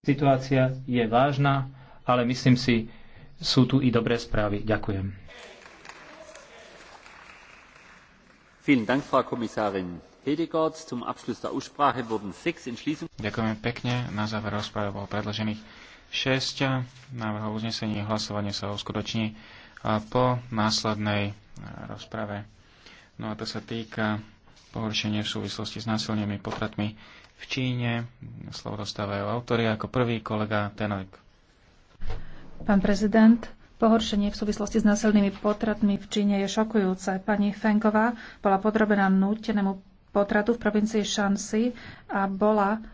Situácia je vážna, ale myslím si, sú tu i dobré správy. Ďakujem. Ďakujem pekne. Na záver rozprávy bolo predložených 6 návrhov uznesení. Hlasovanie sa uskutoční po následnej e, rozprave. No a to sa týka pohoršenie v súvislosti s násilnými potratmi v Číne. Slovo dostávajú autory ako prvý kolega Tenojk. Pán prezident, Pohoršenie v súvislosti s násilnými potratmi v Číne je šokujúce. Pani Fenková bola podrobená nútenému potratu v provincii Shanxi a bola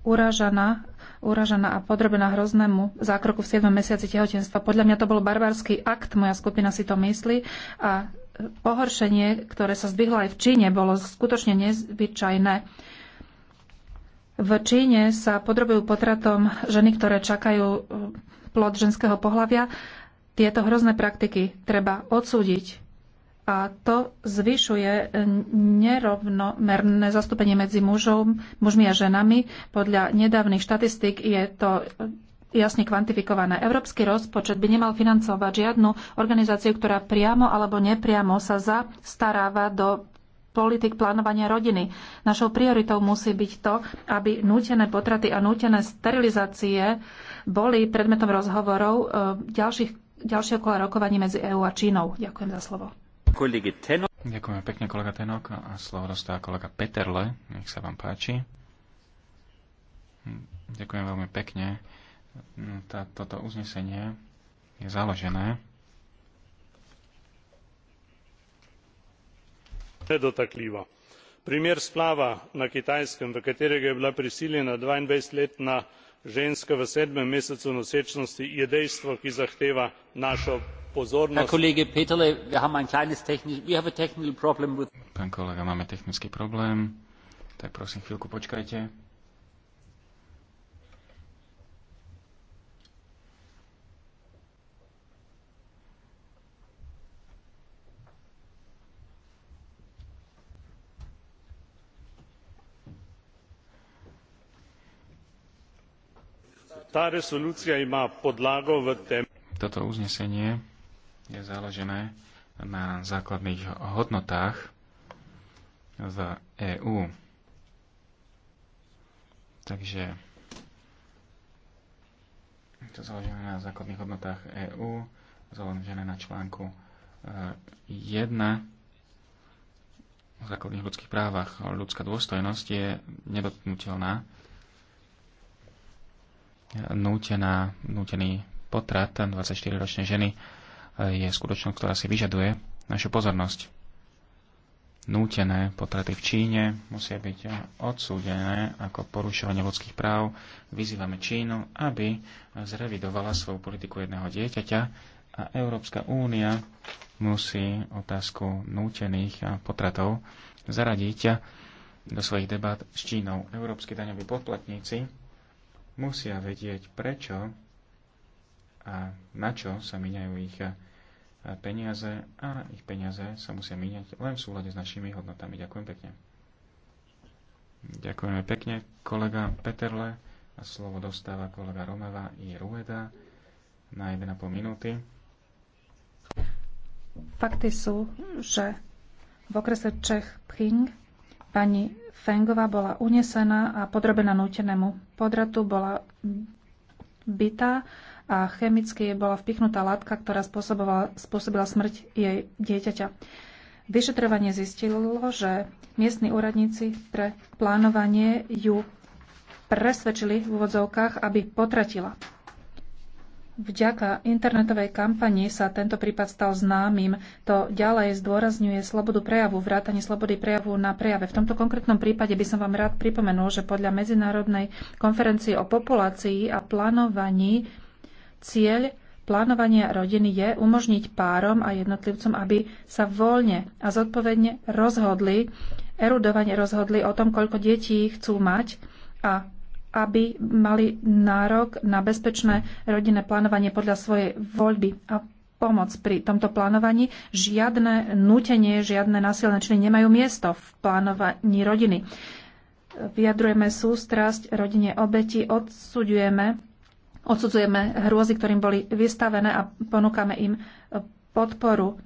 uražaná, uražaná a podrobená hroznému zákroku v 7 mesiaci tehotenstva. Podľa mňa to bol barbarský akt, moja skupina si to myslí a pohoršenie, ktoré sa zdvihlo aj v Číne, bolo skutočne nezvyčajné. V Číne sa podrobujú potratom ženy, ktoré čakajú e, plod ženského pohľavia. Tieto hrozné praktiky treba odsúdiť a to zvyšuje e, nerovnomerné zastúpenie medzi mužom, mužmi a ženami. Podľa nedávnych štatistík je to e, jasne kvantifikované. Európsky rozpočet by nemal financovať žiadnu organizáciu, ktorá priamo alebo nepriamo sa zastaráva do politik plánovania rodiny. Našou prioritou musí byť to, aby nútené potraty a nútené sterilizácie boli predmetom rozhovorov e, ďalších, ďalšieho kola rokovaní medzi EÚ a Čínou. Ďakujem za slovo. Ďakujem pekne, kolega Tenok. A slovo dostáva kolega Peterle. Nech sa vám páči. Hm, ďakujem veľmi pekne. Hm, tá, toto uznesenie je založené nedotakljivo. primer splava na kitajskem v katerega je bila prisiljena dvaindvajset letna ženska v sedmem mesecu nosečnosti je dejstvo ki zahteva našo pozornost. Toto uznesenie je založené na základných hodnotách v EÚ. Takže je to založené na základných hodnotách EÚ, založené na článku 1 e, v základných ľudských právach. Ľudská dôstojnosť je nedotknutelná nútená, nútený potrat 24-ročnej ženy eh, je skutočnosť, ktorá si vyžaduje našu pozornosť. Nútené potraty v Číne musia byť odsúdené ako porušovanie ľudských práv. Vyzývame Čínu, aby zrevidovala svoju politiku jedného dieťaťa a Európska únia musí otázku nútených potratov zaradiť do svojich debat s Čínou. Európsky daňoví poplatníci musia vedieť prečo a na čo sa miňajú ich eh, peniaze a ich peniaze sa musia míňať len v súlade s našimi hodnotami. Ďakujem pekne. Ďakujeme pekne kolega Peterle a slovo dostáva kolega Romeva i Rueda na 1,5 minúty. Fakty sú, že v okrese Čech Pching Pani Fengová bola unesená a podrobená nútenému podratu, bola bytá a chemicky jej bola vpichnutá látka, ktorá spôsobila, spôsobila smrť jej dieťaťa. Vyšetrovanie zistilo, že miestni úradníci pre plánovanie ju presvedčili v úvodzovkách, aby potratila. Vďaka internetovej kampani sa tento prípad stal známym. To ďalej zdôrazňuje slobodu prejavu, vrátanie slobody prejavu na prejave. V tomto konkrétnom prípade by som vám rád pripomenul, že podľa Medzinárodnej konferencie o populácii a plánovaní cieľ plánovania rodiny je umožniť párom a jednotlivcom, aby sa voľne a zodpovedne rozhodli, erudovane rozhodli o tom, koľko detí chcú mať a aby mali nárok na bezpečné rodinné plánovanie podľa svojej voľby a pomoc pri tomto plánovaní. Žiadne nutenie, žiadne násilné činy nemajú miesto v plánovaní rodiny. Vyjadrujeme sústrasť rodine obeti, odsudzujeme, odsudzujeme hrôzy, ktorým boli vystavené a ponúkame im podporu.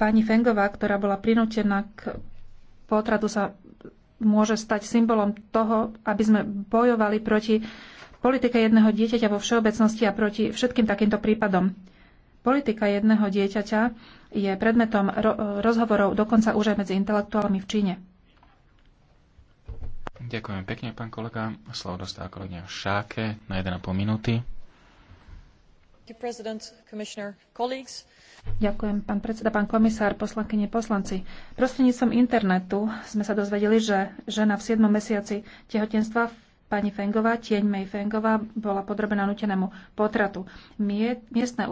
Pani Fengová, ktorá bola prinútená k potratu, sa môže stať symbolom toho, aby sme bojovali proti politike jedného dieťaťa vo všeobecnosti a proti všetkým takýmto prípadom. Politika jedného dieťaťa je predmetom rozhovorov dokonca už aj medzi intelektuálmi v Číne. Ďakujem pekne, pán kolega. Slovo dostáva kolegyňa Šáke na 1,5 minúty. Ďakujem, pán predseda, pán komisár, poslankyne, poslanci. Prostredníctvom internetu sme sa dozvedeli, že žena v siedmom mesiaci tehotenstva pani Fengová, tieň May Fengová, bola podrobená nútenému potratu. Miestne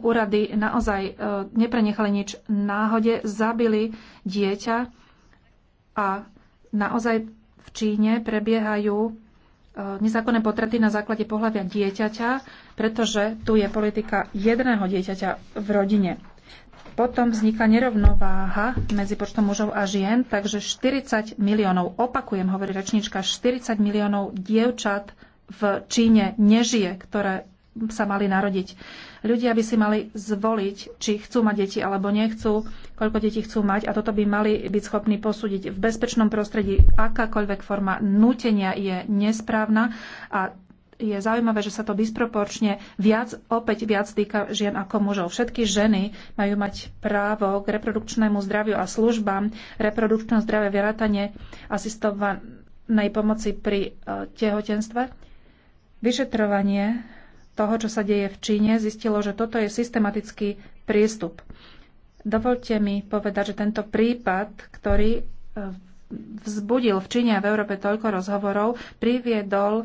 úrady naozaj e, neprenechali nič náhode, zabili dieťa a naozaj v Číne prebiehajú E, nezákonné potraty na základe pohľavia dieťaťa, pretože tu je politika jedného dieťaťa v rodine. Potom vzniká nerovnováha medzi počtom mužov a žien, takže 40 miliónov, opakujem, hovorí rečnička, 40 miliónov dievčat v Číne nežije, ktoré sa mali narodiť. Ľudia by si mali zvoliť, či chcú mať deti alebo nechcú, koľko detí chcú mať a toto by mali byť schopní posúdiť v bezpečnom prostredí. Akákoľvek forma nutenia je nesprávna a je zaujímavé, že sa to disproporčne viac, opäť viac týka žien ako mužov. Všetky ženy majú mať právo k reprodukčnému zdraviu a službám, reprodukčné zdravie, vyratanie, asistovanej pomoci pri eh, tehotenstve, vyšetrovanie toho, čo sa deje v Číne, zistilo, že toto je systematický prístup. Dovolte mi povedať, že tento prípad, ktorý e, vzbudil v Číne a v Európe toľko rozhovorov, priviedol e,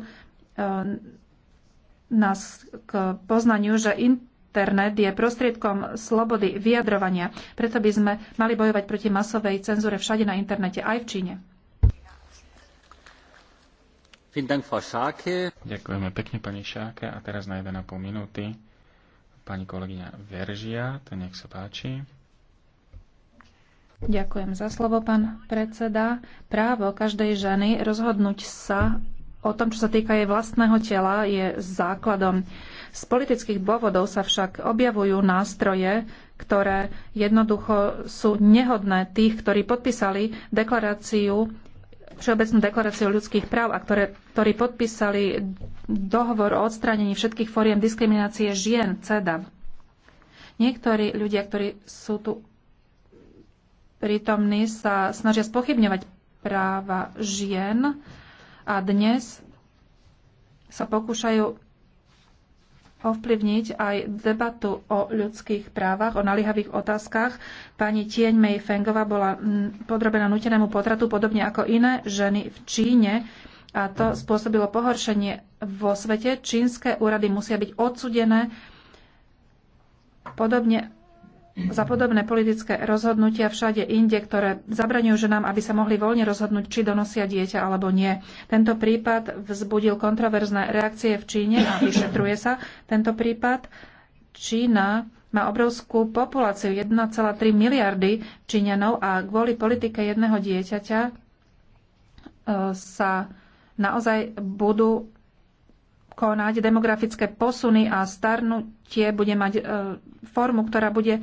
nás k poznaniu, že internet je prostriedkom slobody vyjadrovania. Preto by sme mali bojovať proti masovej cenzúre všade na internete, aj v Číne. Ďakujeme pekne pani Šáke a teraz na 1,5 minúty pani kolegyňa Veržia, to nech sa páči. Ďakujem za slovo, pán predseda. Právo každej ženy rozhodnúť sa o tom, čo sa týka jej vlastného tela, je základom. Z politických dôvodov sa však objavujú nástroje, ktoré jednoducho sú nehodné tých, ktorí podpísali deklaráciu Všeobecnú deklaráciu ľudských práv a ktoré, ktorí podpísali dohovor o odstránení všetkých foriem diskriminácie žien, CEDAV. Niektorí ľudia, ktorí sú tu prítomní, sa snažia spochybňovať práva žien a dnes sa pokúšajú ovplyvniť aj debatu o ľudských právach, o naliehavých otázkach. Pani Tieň Mei Fengova bola mm, podrobená nutenému potratu, podobne ako iné ženy v Číne, a to spôsobilo pohoršenie vo svete. Čínske úrady musia byť odsudené, podobne za podobné politické rozhodnutia všade inde, ktoré zabraňujú ženám, aby sa mohli voľne rozhodnúť, či donosia dieťa alebo nie. Tento prípad vzbudil kontroverzné reakcie v Číne a vyšetruje sa tento prípad. Čína má obrovskú populáciu 1,3 miliardy Číňanov a kvôli politike jedného dieťaťa e, sa naozaj budú konať demografické posuny a starnutie bude mať e, formu, ktorá bude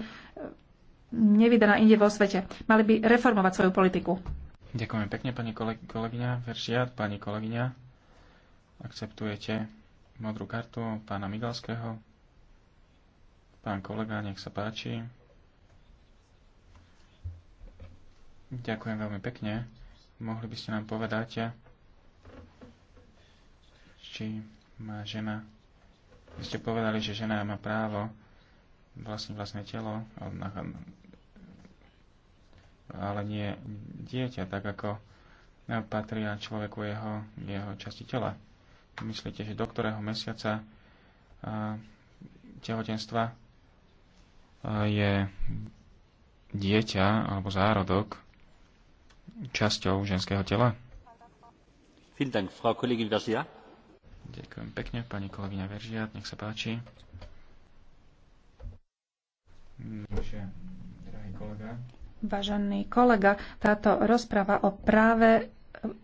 nevydaná inde vo svete. Mali by reformovať svoju politiku. Ďakujem pekne, pani kolegyňa Veršiat. pani kolegyňa. Akceptujete modrú kartu pána Migalského. Pán kolega, nech sa páči. Ďakujem veľmi pekne. Mohli by ste nám povedať, či má žena... Vy ste povedali, že žena má právo vlastniť vlastné telo, ale nie dieťa, tak ako patria človeku jeho, jeho časti tela. Myslíte, že do ktorého mesiaca tehotenstva je dieťa alebo zárodok časťou ženského tela? Ďakujem pekne, pani kolegyňa Veržiat, nech sa páči. Takže, drahý kolega, Vážený kolega, táto rozprava o práve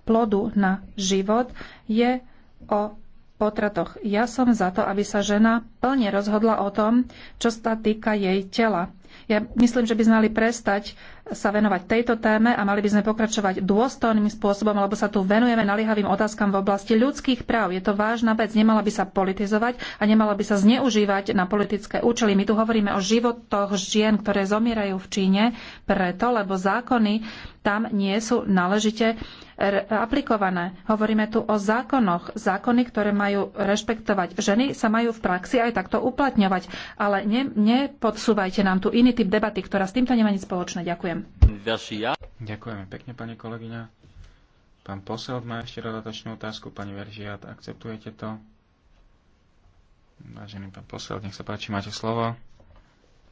plodu na život je o potratoch. Ja som za to, aby sa žena plne rozhodla o tom, čo sa týka jej tela. Ja myslím, že by sme mali prestať sa venovať tejto téme a mali by sme pokračovať dôstojným spôsobom, lebo sa tu venujeme naliehavým otázkam v oblasti ľudských práv. Je to vážna vec, nemala by sa politizovať a nemala by sa zneužívať na politické účely. My tu hovoríme o životoch žien, ktoré zomierajú v Číne preto, lebo zákony tam nie sú náležite aplikované. Hovoríme tu o zákonoch. Zákony, ktoré majú rešpektovať ženy, sa majú v praxi aj takto uplatňovať. Ale ne, nepodsúvajte nám tu iný typ debaty, ktorá s týmto nemá nič spoločné. Ďakujem. Ďakujeme pekne, pani kolegyňa. Pán posel má ešte dodatočnú otázku. Pani Veržiat, akceptujete to? Vážený pán posel, nech sa páči, máte slovo.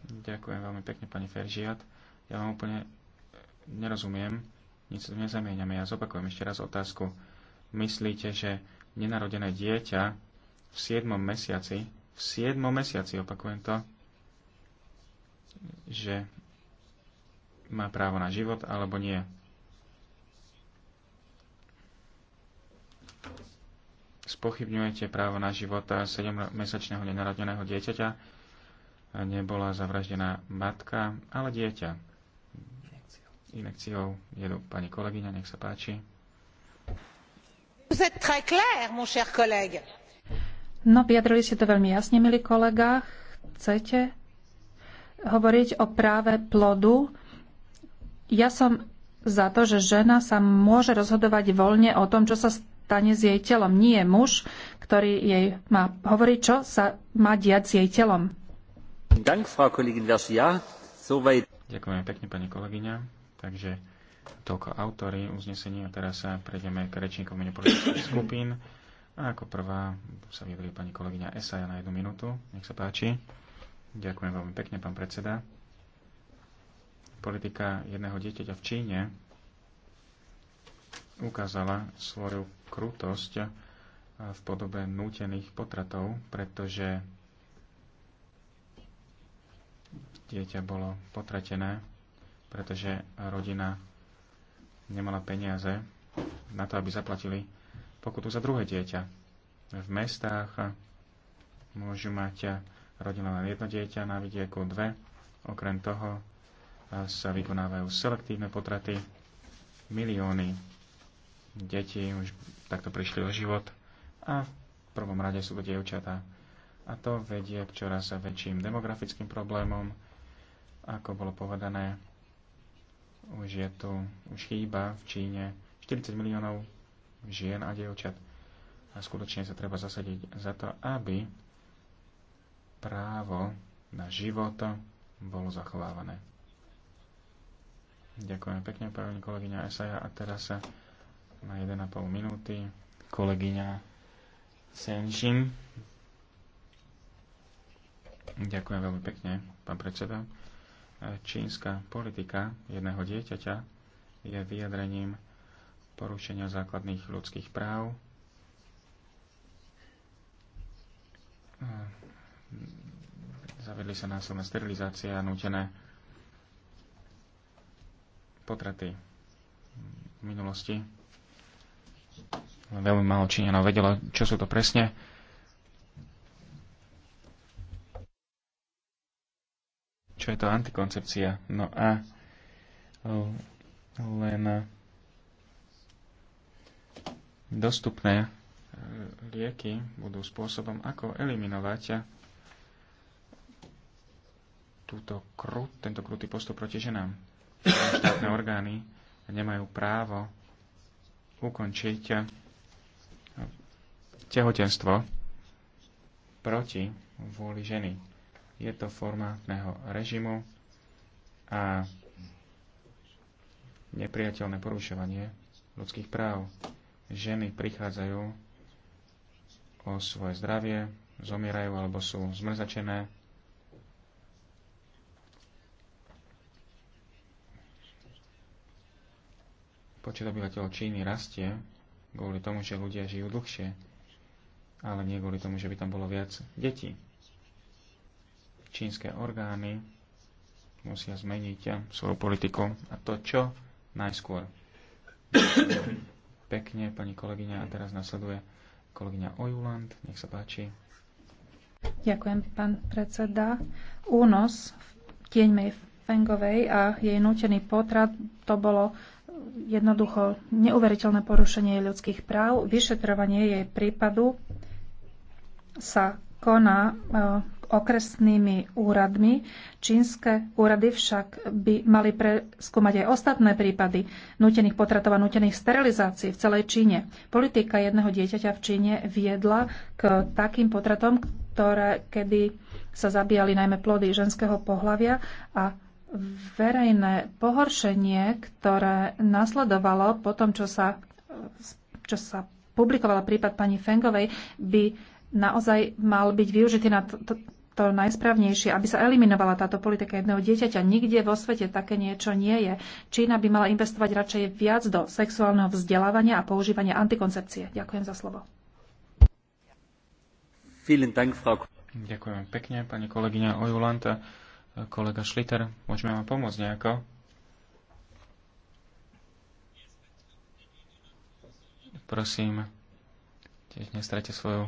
Ďakujem veľmi pekne, pani Feržiat. Ja vám úplne nerozumiem nič nezamieňame. Ja zopakujem ešte raz otázku. Myslíte, že nenarodené dieťa v 7. mesiaci, v 7. mesiaci, opakujem to, že má právo na život alebo nie. Spochybňujete právo na život 7-mesačného nenarodeného dieťaťa. Nebola zavraždená matka, ale dieťa inekciou jedu pani kolegyňa, nech sa páči. No, vyjadrili ste to veľmi jasne, milí kolega. Chcete hovoriť o práve plodu? Ja som za to, že žena sa môže rozhodovať voľne o tom, čo sa stane s jej telom. Nie je muž, ktorý jej má hovoriť, čo sa má diať s jej telom. Ďakujem pekne, pani kolegyňa. Takže toľko autory uznesenia a teraz sa prejdeme k rečníkom nepolitických skupín. A ako prvá sa vyjadrí pani kolegyňa Esaja na jednu minútu. Nech sa páči. Ďakujem veľmi pekne, pán predseda. Politika jedného dieťaťa v Číne ukázala svoju krutosť v podobe nútených potratov, pretože dieťa bolo potratené pretože rodina nemala peniaze na to, aby zaplatili pokutu za druhé dieťa. V mestách môžu mať rodina len jedno dieťa, na vidieku dve. Okrem toho sa vykonávajú selektívne potraty. Milióny detí už takto prišli o život a v prvom rade sú to dievčatá. A to vedie k čoraz väčším demografickým problémom, ako bolo povedané, už je tu, už chýba v Číne 40 miliónov žien a dievčat. A skutočne sa treba zasadiť za to, aby právo na život bolo zachovávané. Ďakujem pekne, pani kolegyňa Esaja. A teraz sa na 1,5 minúty kolegyňa Senžin. Ďakujem veľmi pekne, pán predseda čínska politika jedného dieťaťa je vyjadrením porušenia základných ľudských práv, zavedli sa násilné sterilizácie a nútené potraty v minulosti. Veľmi málo Číňanov vedelo, čo sú to presne čo je to antikoncepcia. No a oh, len eh, dostupné eh, lieky budú spôsobom, ako eliminovať eh, túto krut, tento krutý postup proti ženám. Štátne orgány nemajú právo ukončiť tehotenstvo proti vôli ženy. Je to formátneho režimu a nepriateľné porušovanie ľudských práv. Ženy prichádzajú o svoje zdravie, zomierajú alebo sú zmrzačené. Počet obyvateľov Číny rastie kvôli tomu, že ľudia žijú dlhšie, ale nie kvôli tomu, že by tam bolo viac detí čínske orgány musia zmeniť svoju politiku a to čo najskôr. Pekne, pani kolegyňa, a teraz nasleduje kolegyňa Ojuland. Nech sa páči. Ďakujem, pán predseda. Únos v tieňmej Fengovej a jej nútený potrat to bolo jednoducho neuveriteľné porušenie ľudských práv. Vyšetrovanie jej prípadu sa koná okresnými úradmi. Čínske úrady však by mali preskúmať aj ostatné prípady nutených potratov a nutených sterilizácií v celej Číne. Politika jedného dieťaťa v Číne viedla k takým potratom, ktoré kedy sa zabíjali najmä plody ženského pohlavia a verejné pohoršenie, ktoré nasledovalo po tom, čo sa, čo sa publikovala prípad pani Fengovej, by naozaj mal byť využitý na to najsprávnejšie, aby sa eliminovala táto politika jedného dieťaťa. Nikde vo svete také niečo nie je. Čína by mala investovať radšej viac do sexuálneho vzdelávania a používania antikoncepcie. Ďakujem za slovo. Ďakujem pekne, pani kolegyňa Ojulanta. Kolega Šliter, môžeme vám pomôcť nejako? Prosím, tiež nestrate svoju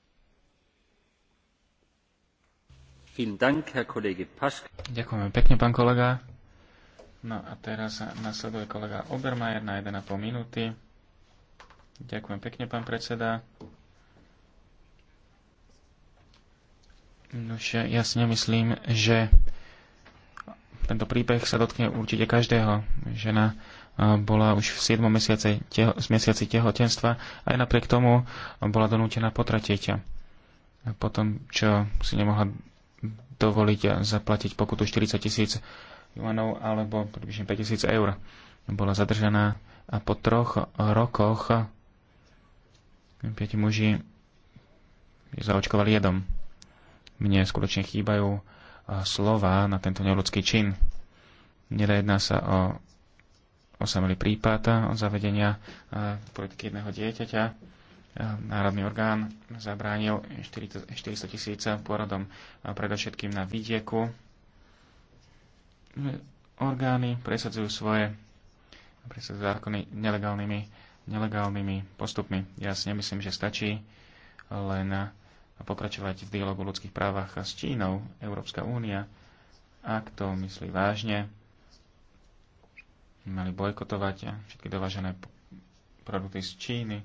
Ďakujem pekne, pán kolega. No a teraz nasleduje kolega Obermajer na 1,5 minúty. Ďakujem pekne, pán predseda. Nož, ja si nemyslím, že tento príbeh sa dotkne určite každého. Žena bola už v 7. Mesiaci, teho, mesiaci tehotenstva a aj napriek tomu bola donútená potratiť. Potom, čo si nemohla dovoliť zaplatiť pokutu 40 tisíc juanov alebo približne 5 tisíc eur. Bola zadržaná a po troch rokoch piati muži zaočkovali jedom. Mne skutočne chýbajú slova na tento neľudský čin. Nedajedná sa o osamelý prípad o zavedenia politiky jedného dieťaťa, národný orgán zabránil 400 tisíc pôrodom predovšetkým na vidieku. Orgány presadzujú svoje presadzujú zákony nelegálnymi, nelegálnymi postupmi. Ja si nemyslím, že stačí len pokračovať v dialogu o ľudských právach s Čínou, Európska únia, ak to myslí vážne, mali bojkotovať všetky dovážené produkty z Číny,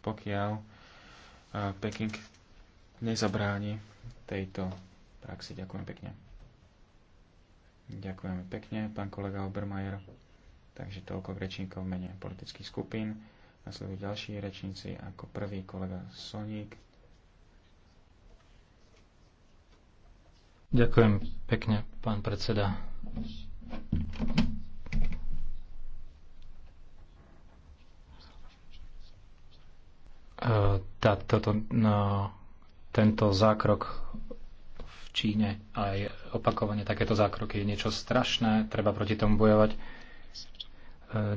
pokiaľ e, Peking nezabráni tejto praxi. Ďakujem pekne. Ďakujeme pekne, pán kolega Obermajer. Takže toľko k rečníkov v mene politických skupín. Nasledujú ďalší rečníci, ako prvý kolega Soník. Ďakujem pekne, pán predseda. tá, toto, no, tento zákrok v Číne aj opakovanie takéto zákroky je niečo strašné, treba proti tomu bojovať. E,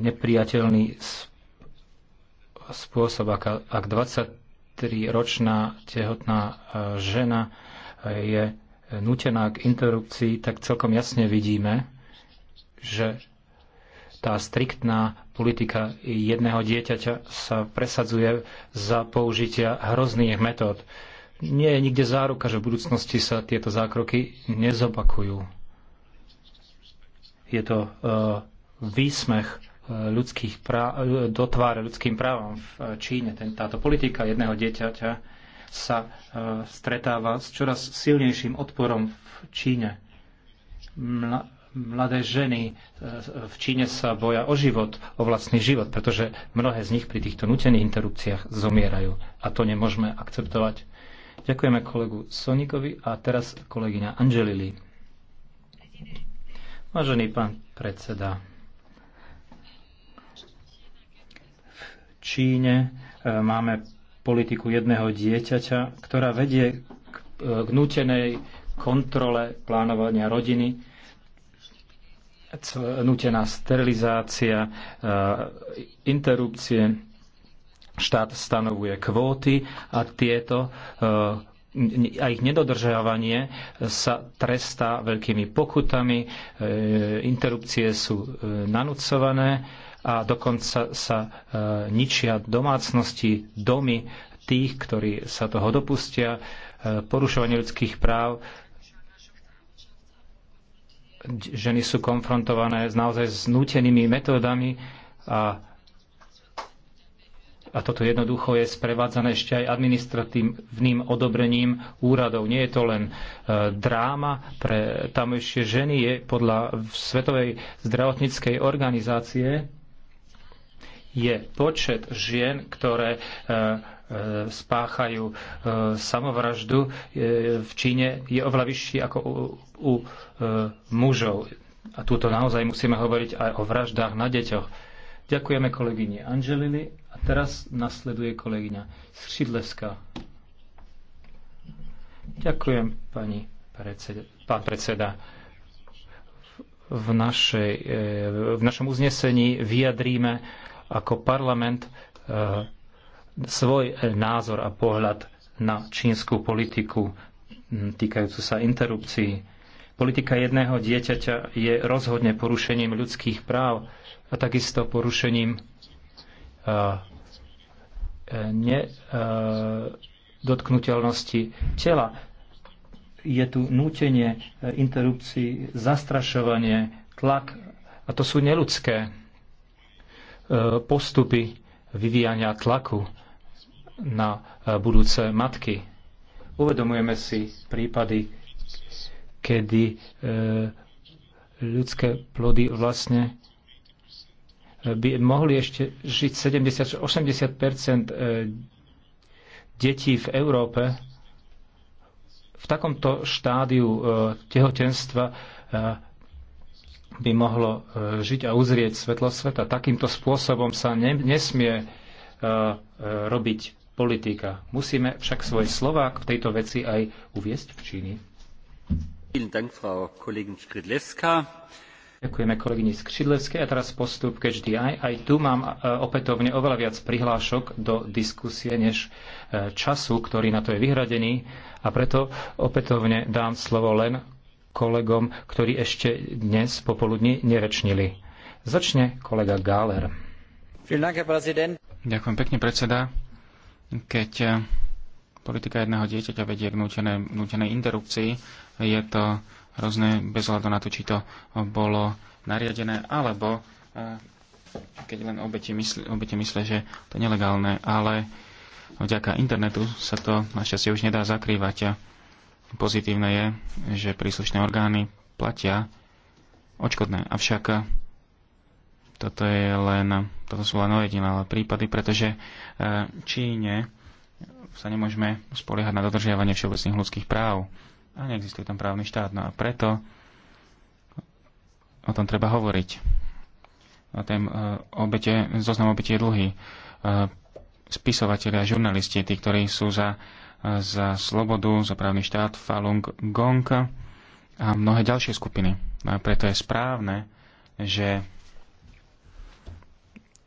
nepriateľný spôsob, ak, ak 23-ročná tehotná e, žena e, je nutená k interrupcii, tak celkom jasne vidíme, že tá striktná politika jedného dieťaťa sa presadzuje za použitia hrozných metód. Nie je nikde záruka, že v budúcnosti sa tieto zákroky nezopakujú. Je to e, výsmech e, ľudských do tváre ľudským právom v e, Číne. Ten, táto politika jedného dieťaťa sa stretáva s čoraz silnejším odporom v Číne mladé ženy e, v Číne sa boja o život, o vlastný život, pretože mnohé z nich pri týchto nutených interrupciách zomierajú a to nemôžeme akceptovať. Ďakujeme kolegu Sonikovi a teraz kolegyňa Angelili. Vážený pán predseda, v Číne e, máme politiku jedného dieťaťa, ktorá vedie k e, nútenej kontrole plánovania rodiny, E, nutená sterilizácia, e, interrupcie. Štát stanovuje kvóty a tieto e, a ich nedodržiavanie sa trestá veľkými pokutami, interrupcie sú nanúcované a dokonca sa ničia domácnosti, domy tých, ktorí sa toho dopustia. Porušovanie ľudských práv ženy sú konfrontované naozaj s nútenými metódami a, a toto jednoducho je sprevádzané ešte aj administratívnym odobrením úradov. Nie je to len e, dráma pre tamojšie ženy, je podľa Svetovej zdravotníckej organizácie je počet žien, ktoré e, E, spáchajú e, samovraždu e, v Číne, je oveľa vyšší ako u, u mužov. A túto naozaj musíme hovoriť aj o vraždách na deťoch. Ďakujeme kolegyni Angelini a teraz nasleduje kolegyňa Skřidlevská. Ďakujem, pani predseda, pán predseda v, našej, v našom uznesení vyjadríme ako parlament svoj názor a pohľad na čínsku politiku týkajúcu sa interrupcií. Politika jedného dieťaťa je rozhodne porušením ľudských práv a takisto porušením uh, e, e, nedotknutelnosti e, uh, tela. Je tu nútenie interrupcií, zastrašovanie, tlak a to sú neludské postupy vyvíjania tlaku na e, budúce matky. Uvedomujeme si prípady, kedy e, ľudské plody vlastne e, by mohli ešte žiť 70-80 detí v Európe v takomto štádiu tehotenstva by mohlo žiť a uzrieť svetlo sveta. Takýmto spôsobom sa nesmie robiť politika. Musíme však svoje slová v tejto veci aj uviesť v Číni. Ďakujeme kolegyni Skřidlevskej a teraz postup k HDI. Aj tu mám e, opätovne oveľa viac prihlášok do diskusie než e, času, ktorý na to je vyhradený a preto opätovne dám slovo len kolegom, ktorí ešte dnes popoludní nerečnili. Začne kolega Gáler. Ďakujem pekne, predseda keď eh, politika jedného dieťaťa vedie k nútenej, nútenej interrupcii, je to hrozné bez hľadu na to, či to bolo nariadené, alebo eh, keď len obete myslia, obete myslia že to je nelegálne, ale vďaka internetu sa to našťastie už nedá zakrývať. Pozitívne je, že príslušné orgány platia očkodné. Avšak toto, je len, toto sú len ojedinelé prípady, pretože e, Číne sa nemôžeme spoliehať na dodržiavanie všeobecných ľudských práv a neexistuje tam právny štát. No a preto o tom treba hovoriť. O tém e, obete, zoznam obete je dlhý. E, Spisovateľi a žurnalisti, tí, ktorí sú za, za slobodu, za právny štát, Falun Gong a mnohé ďalšie skupiny. No a preto je správne, že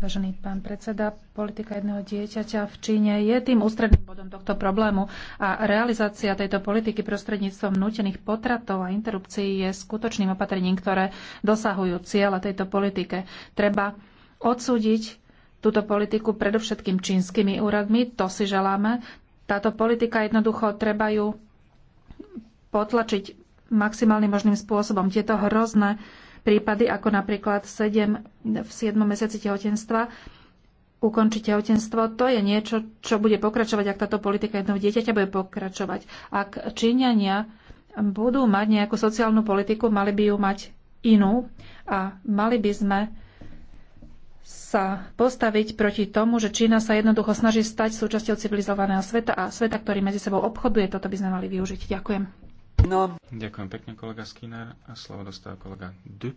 Vážený pán predseda, politika jedného dieťaťa v Číne je tým ústredným bodom tohto problému a realizácia tejto politiky prostredníctvom nutených potratov a interrupcií je skutočným opatrením, ktoré dosahujú cieľa tejto politike. Treba odsúdiť túto politiku predovšetkým čínskymi úradmi, to si želáme. Táto politika jednoducho treba ju potlačiť maximálnym možným spôsobom. Tieto hrozné prípady, ako napríklad 7, v 7. mesiaci tehotenstva ukončiť tehotenstvo, to je niečo, čo bude pokračovať, ak táto politika jednoho dieťaťa bude pokračovať. Ak Číňania budú mať nejakú sociálnu politiku, mali by ju mať inú a mali by sme sa postaviť proti tomu, že Čína sa jednoducho snaží stať súčasťou civilizovaného sveta a sveta, ktorý medzi sebou obchoduje. Toto by sme mali využiť. Ďakujem. No. Ďakujem pekne, kolega Skinner. A slovo dostáva kolega Dup.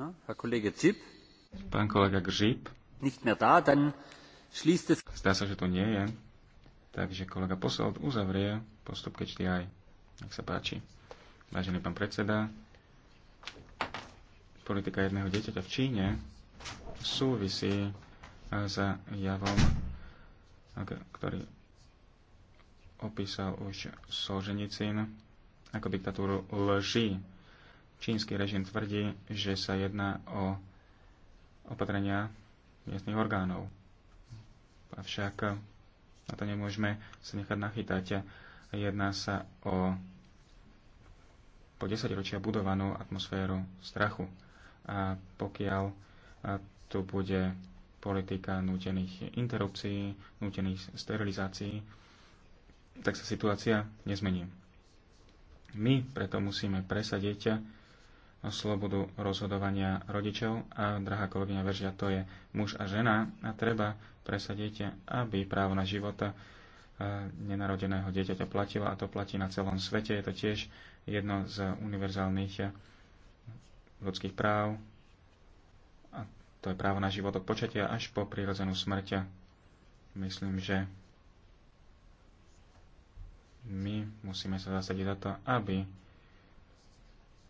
No, a kolega Pán kolega Gžip. Nicht mehr da, dann schließt es... Zdá sa, že tu nie je. Takže kolega Posold uzavrie postup aj. Nech sa páči. Vážený pán predseda, politika jedného dieťaťa v Číne súvisí za javom, ktorý opísal už Solženicín ako diktatúru lží. Čínsky režim tvrdí, že sa jedná o opatrenia miestnych orgánov. Avšak na to nemôžeme sa nechať nachytať. Jedná sa o po 10 ročia budovanú atmosféru strachu. A pokiaľ tu bude politika nútených interrupcií, nútených sterilizácií, tak sa situácia nezmení. My preto musíme presadiť slobodu rozhodovania rodičov a, drahá kolegyňa Veržia, to je muž a žena a treba presadiť, aby právo na života e, nenarodeného dieťaťa platilo a to platí na celom svete. Je to tiež jedno z univerzálnych ľudských práv, to je právo na život od počatia až po prirodzenú smrť. Myslím, že my musíme sa zasadiť za to, aby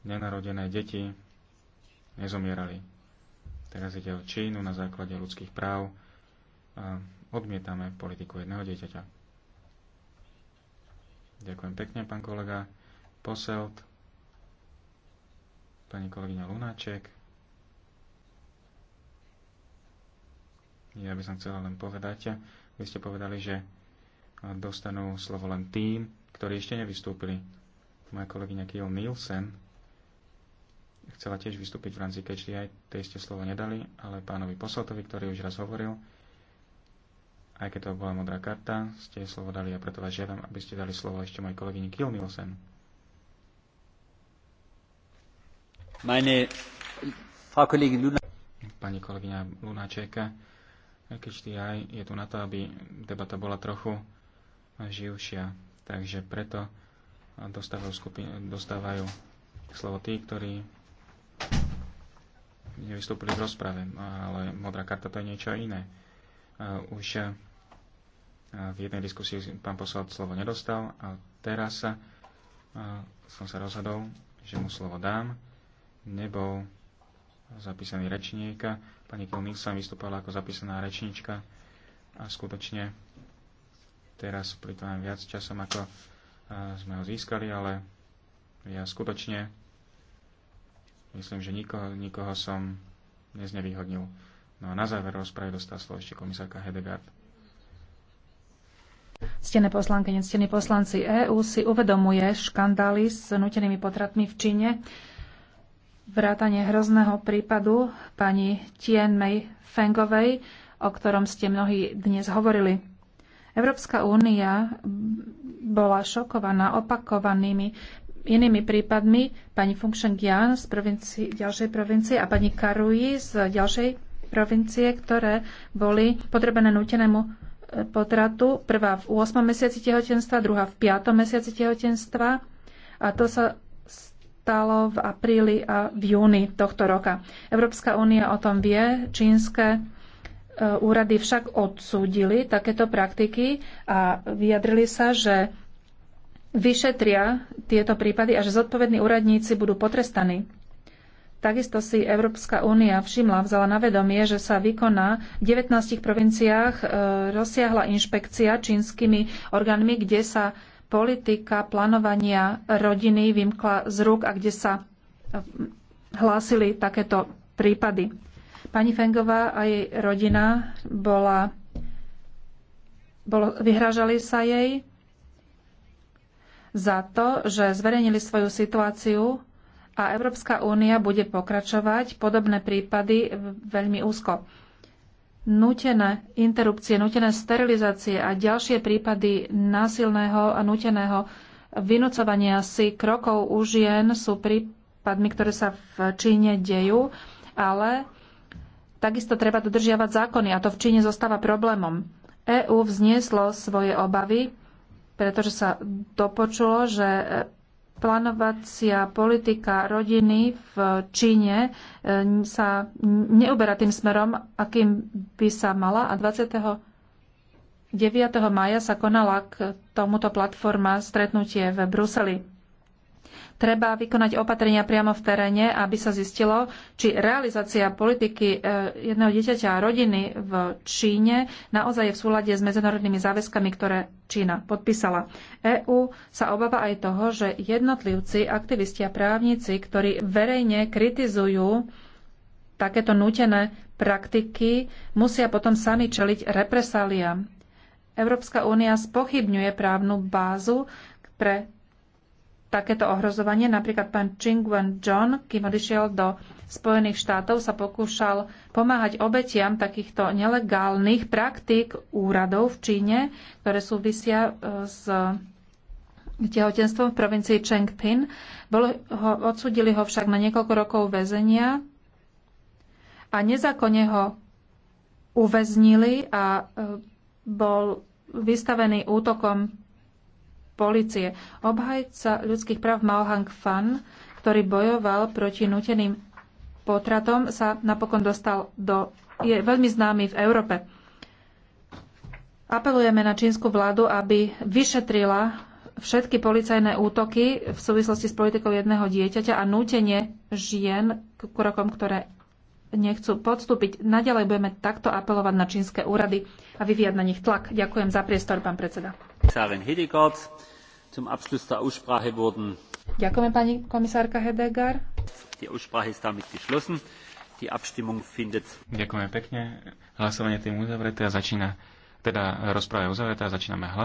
nenarodené deti nezomierali. Teraz ide o Čínu na základe ľudských práv a odmietame politiku jedného dieťaťa. Ďakujem pekne, pán kolega Poselt, pani kolegyňa Lunáček. Ja by som chcela len povedať, vy ste povedali, že dostanú slovo len tým, ktorí ešte nevystúpili. Moja kolegyňa Kiel Nielsen chcela tiež vystúpiť v rámci Catch aj tej ste slovo nedali, ale pánovi Posoltovi, ktorý už raz hovoril, aj keď to bola modrá karta, ste slovo dali a preto vás žiadam, aby ste dali slovo ešte mojej kolegyni Kiel Nielsen. Meine Frau Kollegin Luna. Pani kolegyňa Lunáčeka, Catch the je tu na to, aby debata bola trochu živšia. Takže preto dostávajú, skupin- dostávajú slovo tí, ktorí nevystúpili v rozprave. Ale modrá karta to je niečo iné. Už v jednej diskusii pán poslal slovo nedostal a teraz som sa rozhodol, že mu slovo dám. Nebol zapísaný rečníka. Pani Kilnilsa vystúpala ako zapísaná rečníčka a skutočne teraz plýtvam viac časom, ako e, sme ho získali, ale ja skutočne myslím, že nikoho, nikoho som neznevýhodnil. No a na záver rozpravy dostal slovo ešte komisárka Hedegard. Stené poslanky, ctení poslanci EÚ si uvedomuje škandály s nutenými potratmi v Číne, vrátane hrozného prípadu pani Tien Mei Fengovej, o ktorom ste mnohí dnes hovorili. Európska únia bola šokovaná opakovanými inými prípadmi pani Fung z provincie, ďalšej provincie a pani Karui z ďalšej provincie, ktoré boli potrebené nutenému e, potratu, prvá v 8. mesiaci tehotenstva, druhá v 5. mesiaci tehotenstva. A to sa stalo v apríli a v júni tohto roka. Európska únia o tom vie, čínske e, úrady však odsúdili takéto praktiky a vyjadrili sa, že vyšetria tieto prípady a že zodpovední úradníci budú potrestaní. Takisto si Európska únia všimla, vzala na vedomie, že sa vykoná v 19 provinciách e, rozsiahla inšpekcia čínskymi orgánmi, kde sa politika plánovania rodiny vymkla z rúk a kde sa hlásili takéto prípady. Pani Fengová a jej rodina bola, bol, vyhražali sa jej za to, že zverejnili svoju situáciu a Európska únia bude pokračovať podobné prípady veľmi úzko nutené interrupcie, nutené sterilizácie a ďalšie prípady násilného a nuteného vynúcovania si krokov u žien sú prípadmi, ktoré sa v Číne dejú, ale takisto treba dodržiavať zákony a to v Číne zostáva problémom. EÚ vznieslo svoje obavy, pretože sa dopočulo, že plánovacia politika rodiny v Číne e, sa neuberá tým smerom, akým by sa mala a 29. maja sa konala k tomuto platforma stretnutie v Bruseli treba vykonať opatrenia priamo v teréne, aby sa zistilo, či realizácia politiky eh, jedného dieťaťa a rodiny v Číne naozaj je v súlade s medzinárodnými záväzkami, ktoré Čína podpísala. EÚ sa obáva aj toho, že jednotlivci, aktivisti a právnici, ktorí verejne kritizujú takéto nútené praktiky, musia potom sami čeliť represáliám. Európska únia spochybňuje právnu bázu pre takéto ohrozovanie. Napríklad pán Chingwen John, kým odišiel do Spojených štátov, sa pokúšal pomáhať obetiam takýchto nelegálnych praktík úradov v Číne, ktoré súvisia e, s tehotenstvom v provincii Chengpin. Bol, ho, odsudili ho však na niekoľko rokov väzenia a nezákonne ho uväznili a e, bol vystavený útokom policie. Obhajca ľudských práv Hang Fan, ktorý bojoval proti nuteným potratom, sa napokon dostal do... je veľmi známy v Európe. Apelujeme na čínsku vládu, aby vyšetrila všetky policajné útoky v súvislosti s politikou jedného dieťaťa a nútenie žien k krokom, ktoré nechcú podstúpiť. Naďalej budeme takto apelovať na čínske úrady a vyvíjať na nich tlak. Ďakujem za priestor, pán predseda. Zum Abschluss der Aussprache wurden Ďakujeme pani komisárka Hedegar. Die Aussprache ist damit geschlossen. Die Abstimmung findet. Ďakujeme pekne. Hlasovanie tým uzavreté a začína teda rozpráva je uzavretá a začíname hlasovať.